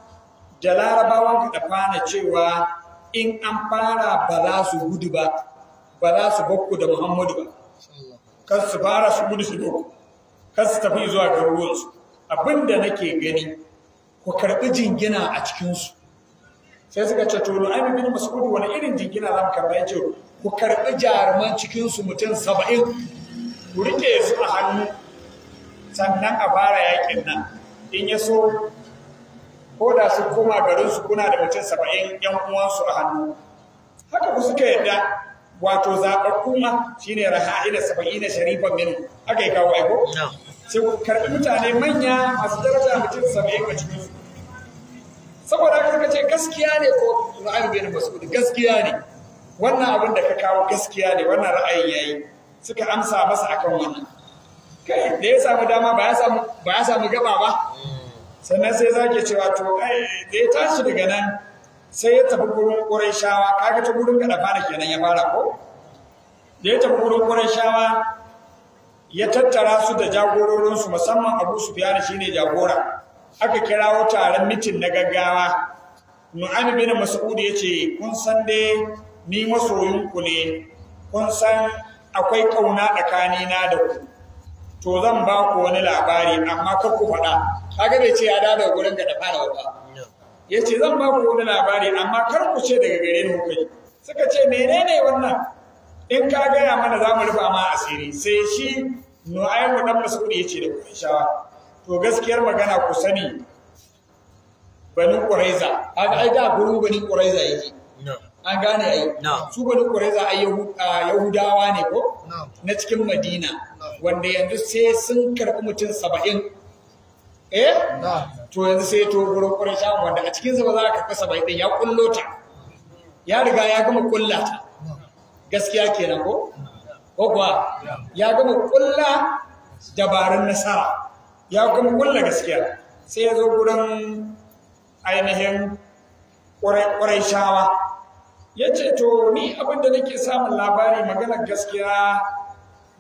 da larabawan da fana cewa in an fara ba za su gudu ba ba za su bakku da muhammadu ba kar su fara su gudu su bakku kar su tafi zuwa garuruwansu abinda nake gani ku karɓi jingina a cikinsu sai suka ce to Nu'aym bin Mas'ud wani irin jingina zamu karba yace ku karbi jaruman cikin su mutum 70 ku rike su a hannu sannan a fara yakin nan in ya so ko da su koma garin su kuna da mutum 70 yan uwansu a hannu haka ku suka yadda wato zaɓaɓɓu ma shine raha'ila 70 sharifan min aka yi kawo aiko sai ku karbi mutane manya masu daraja mutum 70 a cikin su saboda haka suka ce gaskiya ne ko Nu'aym bin Mas'ud gaskiya ne wannan abin da ka kawo gaskiya ne wannan ra'ayin yayi suka amsa masa akan wannan kai da ya samu dama ba ya samu gaba ba sannan sai zake cewa to kai da ya tashi daga nan sai ya tafi gurin shawa kaga ta gurin kada fara kenan ya fara ko da ya tafi gurin shawa ya tattara su da jagororinsu musamman Abu Sufyan shine jagora aka kirawo taron mitin na gaggawa nu'ami bin mas'ud yace kun san dai ni masoyinku ne kun san akwai kauna tsakani na da ku to zan ba ku wani labari amma kar ku faɗa kaga bai ce ya dada gurin ga da fara Ya ce zan ba ku wani labari amma kar ku ce daga gare ni hukai suka ce menene wannan in ka gaya mana za mu rufa ma asiri sai shi nu'aymu dan mas'ud ce da shawa. to gaskiyar magana ku sani bani ƙuraiza ai da gurin bani ƙuraiza yake an gane ai su bani ƙuraiza ai yahudawa ne ko na cikin madina wanda yanzu sai sun karɓi mutum saba'in eh to yanzu sai to gurin ƙuraisha wanda a cikinsa ba za a karɓi saba'in ɗin ya kullo ta ya riga ya gama kulla ta gaskiya kenan ko ko kuwa ya gama kulla dabarun nasara ya kuma kulla gaskiya sai ya zo gurin ainihin ƙwarai shawa ya ce to ni abinda nake samun labari maganar gaskiya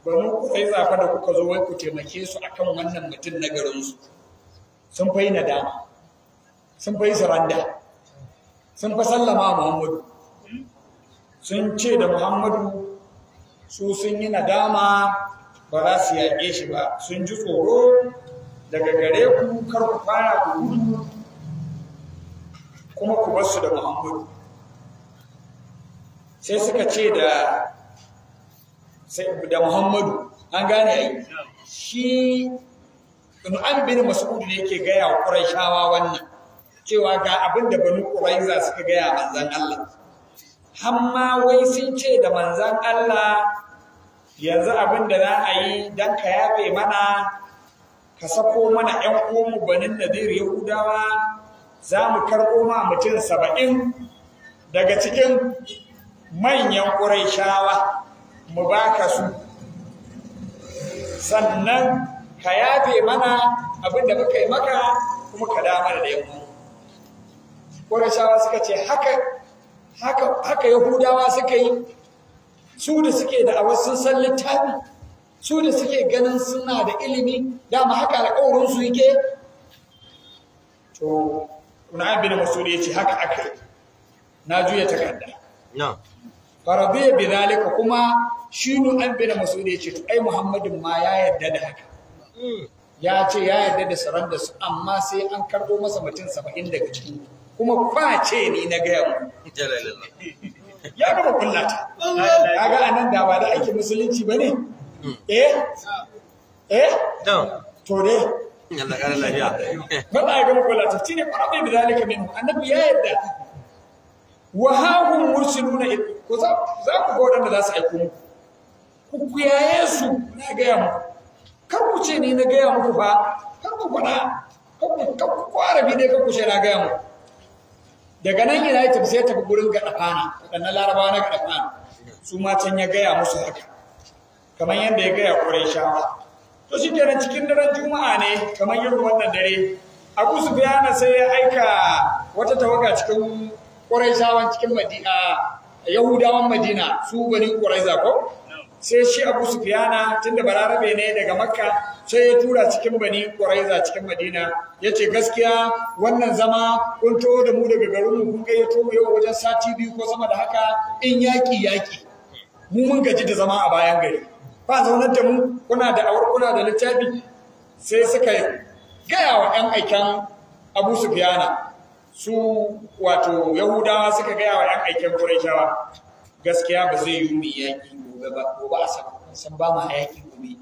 ba mu yi zafa da kuka zo wai ku taimake su akan wannan mutum na garinsu sun fai nadama sun fai saranda sun fa sallama muhammadu sun ce da muhammadu su sun yi nadama ba za su yaƙe shi ba sun ji tsoro daga gare ku kar ku fara da gudu kuma ku bar su da muhammadu sai suka ce da da muhammadu an gane ai shi an bin mas'ud ne yake gaya wa qurayshawa wannan cewa ga abin da banu qurayza suka gaya manzan Allah hamma wai sun ce da manzan Allah yanzu abin da za a yi dan ka yafe mana ka sako mana ƴan uwanmu banin nadir yahudawa za mu karɓo ma mutum saba'in daga cikin manyan shawa mu baka su sannan ka yafe mana abin da muka yi maka kuma ka damar da yamma shawa suka ce haka haka haka yahudawa suka yi su da suke da awasin san littafi su da suke ganin suna da ilimi dama haka alƙawarin su yake to kuna masu bin ya ce haka aka yi na juya takarda na ya bi zalika kuma shi da bin ya ce to ai Muhammadin ma ya yarda da haka hmm. ya ce ya yarda da da su amma sai an karɓo masa mutum saba'in daga ciki kuma ba ce ni na gaya mu ya gaba kullata ga anan da ba da ake musulunci ba ne? Mm. eh eh to dai Allah ƙara lafiya ba ba ga muku lafiya shine qarabi bi zalika minhu annabi ya yadda wa hahum mursiluna ko za za ku ga wanda za su aiko muku ku ku yaye su na ga ya muku kar ku ce ni na ga ya muku fa kar ku faɗa kar ku kar ku qarabi dai kar ku ce na ga ya muku daga nan ina ya tafi sai tafi gurin gadafana wadannan larabawa na gadafana su ma can ya gaya musu haka kamar yadda ya gaya shawa, to shi ke nan cikin daren juma'a ne kamar yadda wannan dare Abu Sufyan sai ya aika wata tawaga cikin Qurayshawan cikin Madina Yahudawan Madina su bani Qurayza ko sai shi Abu Sufyan tunda bararabe ne daga Makka sai ya tura cikin bani Qurayza cikin Madina ya ce gaskiya wannan zama kun to da mu daga garin mu kun gayyato mu yau wajen sati biyu ko sama da haka in yaƙi yaƙi. mu mun gaji da zama a bayan gari ba zaunar da mu kuna da awar kuna da littafi sai suka gaya wa 'yan aikin abu sufiyana su wato yahudawa suka gaya wa 'yan aikin kurashawa gaskiya ba zai yi mu yaƙi gobe ba gobe a san ba mu yaƙi gobe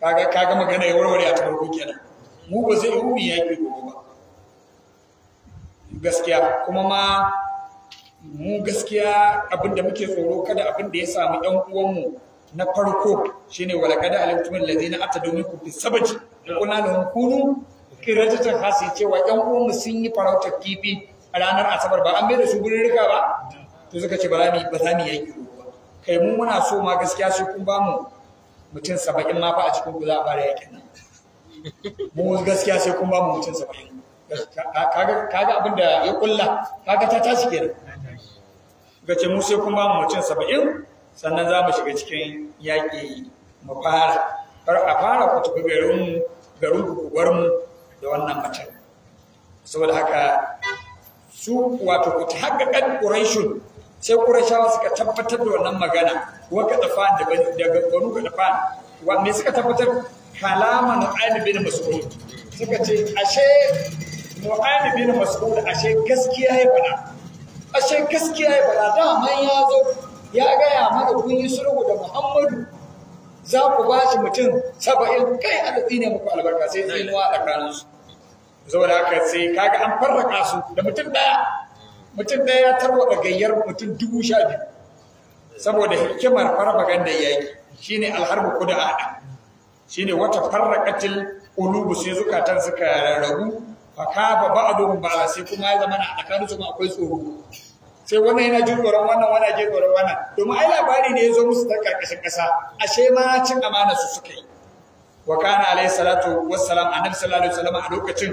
kaga kaga magana ya warware a tabarko kenan mu ba zai yi mu yaƙi gobe ba gaskiya kuma ma mu gaskiya abin da muke tsoro kada abin da ya samu 'yan uwanmu na farko shine walaqad alimtum alladhina atadu minkum fi sabati kuna lahum kunu kiratatan hasi cewa yan uwanmu sun yi farautar kifi a ranar asabar ba an bai da su gurin rika ba to suka ce ba za mu yi aiki yi kai mu muna so ma gaskiya su kun ba mu mutum saba'in ma fa a cikin ku bare a fara mu gaskiya sai kun ba mu mutum saba'in kaga abin da ya kulla kaga ta tashi kenan ga ce mu sai kun ba mu mutum saba'in sannan za mu shiga cikin yaƙi mu fara kar a fara ku tafi garin garin kuwar mu da wannan mace saboda haka su wato ku ta haka haƙaƙan ƙuraishun sai ƙurashawa suka tabbatar da wannan magana wa ka dafa daga wani ka dafa wanne suka tabbatar kalaman ainihin bin mas'ud suka ce ashe mu'ayyar bin mas'ud ashe gaskiya ya faɗa ashe gaskiya ya faɗa dama ya zo ya gaya mana kun yi sulhu da Muhammadu za ku ba shi mutum saba'in kai a tsatsi ne muku albarka sai tsinuwa tsakaninsu saboda haka sai kaga an farraka su da mutum daya mutum daya ya tarwada gayyar mutum dubu sha biyu saboda hikimar farfaganda yaki shine alharbu kuda Shi shine wata farrakacin ulubu sai zukatan suka rarrabu fa kaba ba'dhum ba sai kuma ya zama a tsakaninsu akwai tsoro sai wani yana jin tsoron wannan wani jin tsoron wannan domin ai labari ne ya zo musu ta karkashin ƙasa ashe ma cin amana su suka yi wa kana alaihi salatu wassalam annabi sallallahu alaihi wasallam a lokacin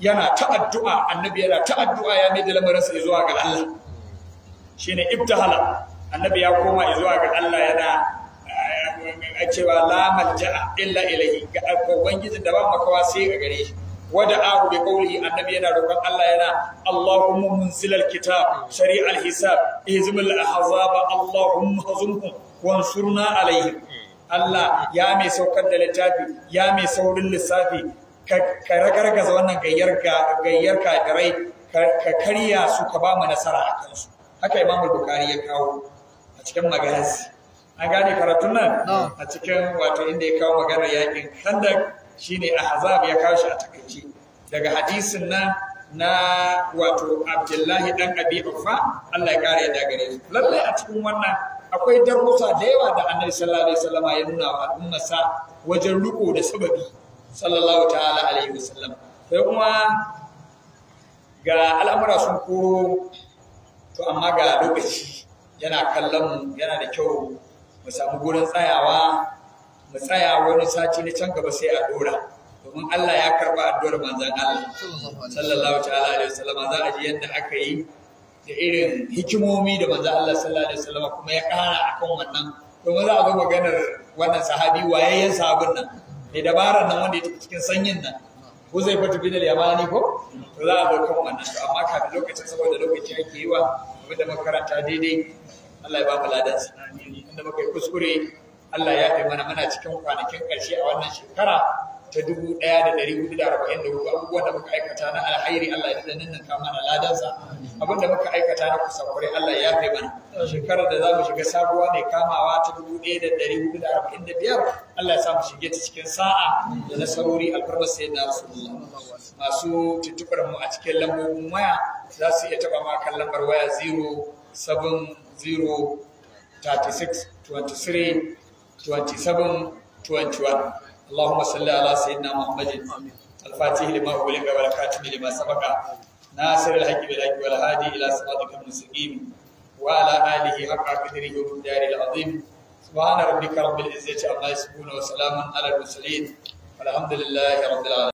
yana ta addu'a annabi yana ta addu'a ya mai da lamarin sa zuwa ga Allah shine ibtihala annabi ya koma zuwa ga Allah yana eh, cewa la malja'a illa ilayhi ga ubangiji da ba makawa sai ga gare shi ودعاه بقوله النبي yana رقم الله أنا اللهم منزل الكتاب سريع الحساب اهزم الأحزاب اللهم هزمهم وانصرنا عليهم Allah ya mai saukar da littafi ya mai saurin lissafi ka ragargaza wannan gayyar gayyar rai ka karya su ka ba mu nasara a kansu haka Imam Bukhari ya kawo a cikin magazi an gane karatun nan a cikin wato inda ya kawo maganar yakin kandak shine al-azab ya kashi a takaice daga hadisin nan na wato abdullahi dan abi ufa Allah ya kare da gare shi lalle a cikin wannan akwai darussa da yawa da annabi sallallahu alaihi wasallam ya nuna wa ummasa wajen riko da sababi sallallahu ta'ala alaihi wasallam sai kuma ga al'amura sun koro to amma ga lokaci yana kallon mu yana da kyau mu samu gurin tsayawa mu tsaya wani sati na can gaba sai a dora domin Allah ya karba addu'ar manzon Allah sallallahu ta'ala alaihi wasallam za a ji yadda aka yi da irin hikimomi da manzon Allah sallallahu alaihi wasallam kuma ya kara akan wannan domin za a zo maganar wannan sahabi wayayyen sabon nan mai dabarar nan wanda ya tafi cikin sanyin nan ko zai fata bidal yamani ko to za a zo kan wannan to amma kafin lokacin saboda lokaci yake yi wa da makaranta daidai Allah ya ba mu sanani inda muka yi kuskure Allah ya kai mana muna cikin kwanakin ƙarshe a wannan shekara ta dubu ɗaya da da da hudu arba'in 1444 abubuwan da muka aikata na alhairi Allah ya fi nan ka mana ladansa abin da muka aikata na kusakure Allah ya kai mana shekarar da za mu shiga sabuwa ne kamawa ta dubu ɗaya da da da hudu arba'in biyar, Allah ya sa mu shige ta cikin sa'a da nasarori alfarmar na Rasulullah masu tuntubar mu a cikin lambobin waya za su iya taɓa ma kan lambar waya zero, zero, seven, thirty six, twenty three. 27-21 Allahumma salli ala sayyidina Muhammadin al ma lima huwa lika wa al-Katibi lima sabaka Nasir al-Hajji wa al-Hajji wa al-Hadi ila sadiqa al-Musulim wa ala alihi haqqa qadirihi wa mudari al-Azim Subhana rabbika rabbil izzati amma yasbuna wa salamun ala al Alhamdulillahi rabbil